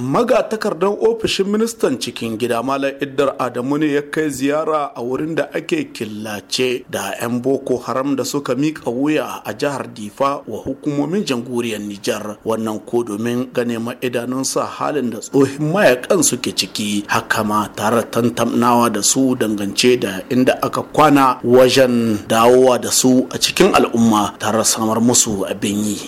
magatakardar ofishin ministan cikin gida malam iddar adamu ne ya kai ziyara a wurin da ake killace da 'yan boko haram da suka miƙa wuya a jihar difa wa hukumomin jamhuriyar nijar wannan ko domin gane ma'idanunsa idanunsa halin da tsohin mayakan suke ciki haka ma tare tantamnawa da su dangance da inda aka kwana wajen dawowa da su a cikin al'umma tare samar musu abin yi.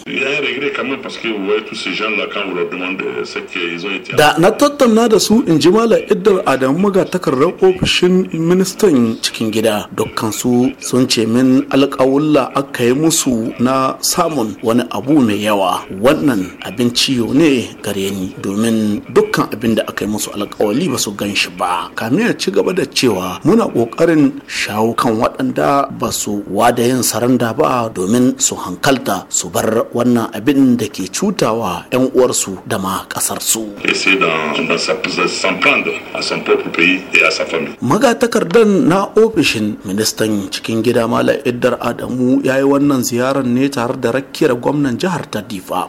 da na tattauna da su in ji mala iddar adamu maga takardar ofishin ministan cikin gida su sun ce min alƙawulla aka yi musu na samun wani abu mai yawa wannan abin ciyo ne gare ni domin dukkan abin da aka yi musu alƙawali ba su gan shi ba kame ya ci gaba da cewa muna ƙoƙarin shawo kan waɗanda ba su wada yin saranda ba domin su hankalta su bar wannan abin da ke cutawa 'yan uwarsu da ma ƙasarsu essayer d'en s'en prendre à son propre pays et à sa famille. Magatakardar na ofishin ministan cikin gida Malam Iddar Adamu ya yi wannan ziyarar ne tare da rakkiyar gwamnan jihar ta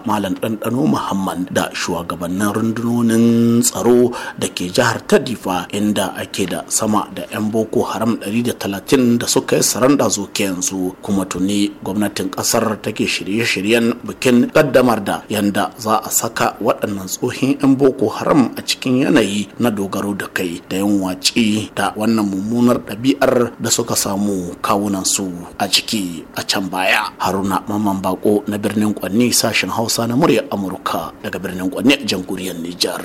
Malam Ɗanɗano Muhammad da shugabannin rundunonin tsaro da ke jihar tadifa Difa inda ake da sama da 'yan Boko Haram 130 da suka yi saranda zuke yanzu kuma tuni gwamnatin ƙasar take shirye-shiryen bikin ƙaddamar da yanda za a saka waɗannan tsohin 'yan boko haram a cikin yanayi na dogaro da kai da yan wace da wannan mummunar ɗabi'ar da suka samu kawunan su a ciki a can baya haruna mamman bako na birnin kwanni sashen hausa na murya amurka daga birnin kwanni a jamhuriyar nijar